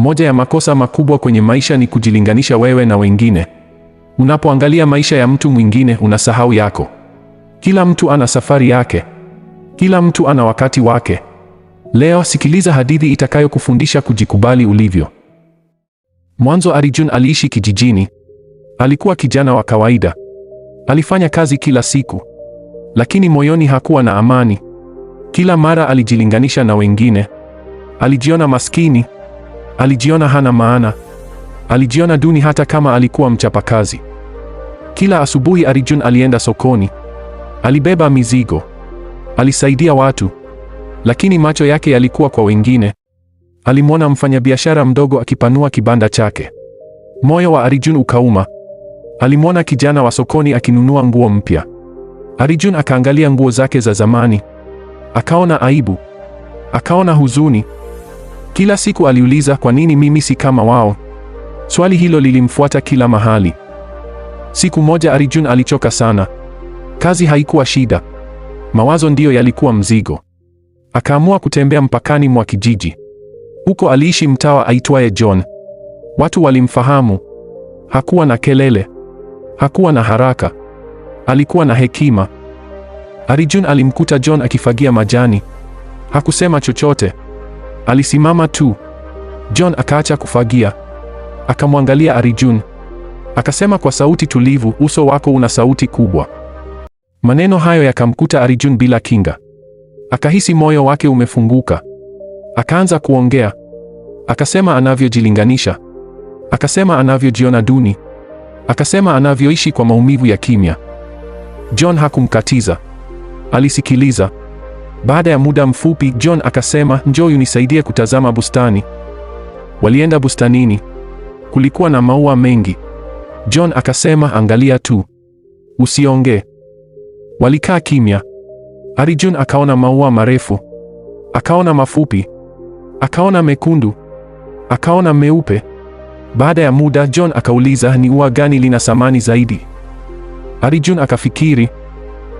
Moja ya makosa makubwa kwenye maisha ni kujilinganisha wewe na wengine. Unapoangalia maisha ya mtu mwingine, unasahau yako. Kila mtu ana safari yake. Kila mtu ana wakati wake. Leo sikiliza hadithi itakayokufundisha kujikubali ulivyo. Mwanzo Arjun aliishi kijijini. Alikuwa kijana wa kawaida. Alifanya kazi kila siku, lakini moyoni hakuwa na amani. Kila mara alijilinganisha na wengine. Alijiona maskini. Alijiona hana maana, alijiona duni, hata kama alikuwa mchapakazi. Kila asubuhi Arjun alienda sokoni, alibeba mizigo, alisaidia watu, lakini macho yake yalikuwa kwa wengine. Alimwona mfanyabiashara mdogo akipanua kibanda chake, moyo wa Arjun ukauma. Alimwona kijana wa sokoni akinunua nguo mpya. Arjun akaangalia nguo zake za zamani, akaona aibu, akaona huzuni. Kila siku aliuliza kwa nini mimi si kama wao? Swali hilo lilimfuata kila mahali. Siku moja Arjun alichoka sana. Kazi haikuwa shida. Mawazo ndiyo yalikuwa mzigo. Akaamua kutembea mpakani mwa kijiji. Huko aliishi mtawa aitwaye John. Watu walimfahamu. Hakuwa na kelele. Hakuwa na haraka. Alikuwa na hekima. Arjun alimkuta John akifagia majani. Hakusema chochote. Alisimama tu. John akaacha kufagia, akamwangalia Arjun, akasema kwa sauti tulivu, uso wako una sauti kubwa. Maneno hayo yakamkuta Arjun bila kinga, akahisi moyo wake umefunguka. Akaanza kuongea, akasema anavyojilinganisha, akasema anavyojiona duni, akasema anavyoishi kwa maumivu ya kimya. John hakumkatiza, alisikiliza. Baada ya muda mfupi, John akasema, njoo unisaidie kutazama bustani. Walienda bustanini. Kulikuwa na maua mengi. John akasema, angalia tu, usiongee. Walikaa kimya. Arjun akaona maua marefu, akaona mafupi, akaona mekundu, akaona meupe. Baada ya muda, John akauliza, ni ua gani lina thamani zaidi? Arjun akafikiri,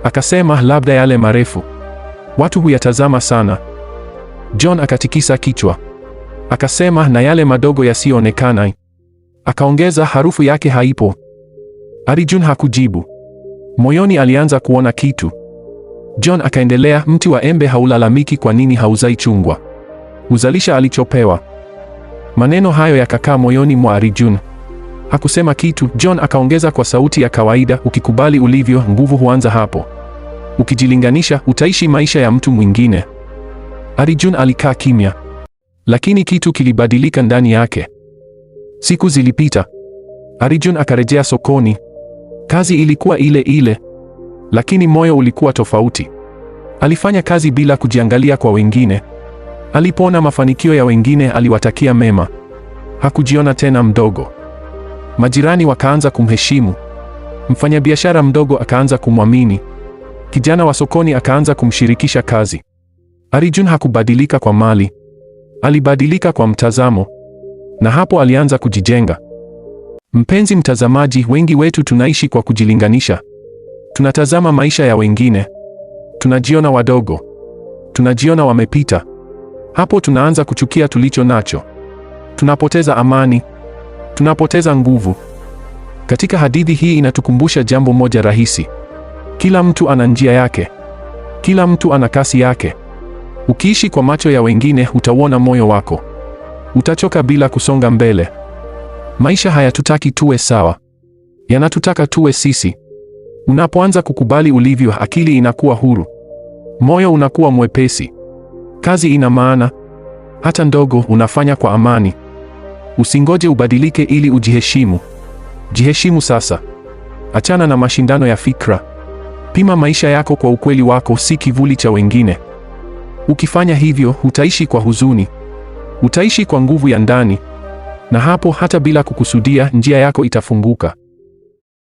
akasema, labda yale marefu. Watu huyatazama sana. John akatikisa kichwa akasema, na yale madogo yasiyoonekana. Akaongeza, harufu yake haipo. Arjun hakujibu. Moyoni alianza kuona kitu. John akaendelea, mti wa embe haulalamiki. Kwa nini hauzai chungwa? Huzalisha alichopewa. Maneno hayo yakakaa moyoni mwa Arjun. Hakusema kitu. John akaongeza kwa sauti ya kawaida, ukikubali ulivyo, nguvu huanza hapo ukijilinganisha utaishi maisha ya mtu mwingine. Arjun alikaa kimya, lakini kitu kilibadilika ndani yake. Siku zilipita, Arjun akarejea sokoni. Kazi ilikuwa ile ile, lakini moyo ulikuwa tofauti. Alifanya kazi bila kujiangalia kwa wengine. Alipoona mafanikio ya wengine, aliwatakia mema. Hakujiona tena mdogo. Majirani wakaanza kumheshimu. Mfanyabiashara mdogo akaanza kumwamini. Kijana wa sokoni akaanza kumshirikisha kazi. Arjun hakubadilika kwa mali, alibadilika kwa mtazamo, na hapo alianza kujijenga. Mpenzi mtazamaji, wengi wetu tunaishi kwa kujilinganisha. Tunatazama maisha ya wengine, tunajiona wadogo, tunajiona wamepita. Hapo tunaanza kuchukia tulicho nacho, tunapoteza amani, tunapoteza nguvu. Katika hadithi hii inatukumbusha jambo moja rahisi. Kila mtu ana njia yake, kila mtu ana kasi yake. Ukiishi kwa macho ya wengine, utauona moyo wako. Utachoka bila kusonga mbele. Maisha hayatutaki tuwe sawa, yanatutaka tuwe sisi. Unapoanza kukubali ulivyo, akili inakuwa huru, moyo unakuwa mwepesi, kazi ina maana, hata ndogo unafanya kwa amani. Usingoje ubadilike ili ujiheshimu. Jiheshimu sasa, achana na mashindano ya fikra. Pima maisha yako kwa ukweli wako, si kivuli cha wengine. Ukifanya hivyo, utaishi kwa huzuni, utaishi kwa nguvu ya ndani, na hapo, hata bila kukusudia, njia yako itafunguka.